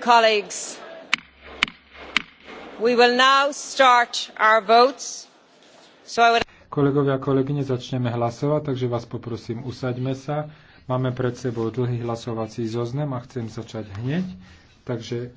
colleagues we will now start our votes so i would Kolegovia a kolegyne, začneme hlasovať, takže vás poprosím, usaďme sa. Máme pred sebou dlhý hlasovací zoznam a chcem začať hneď. Takže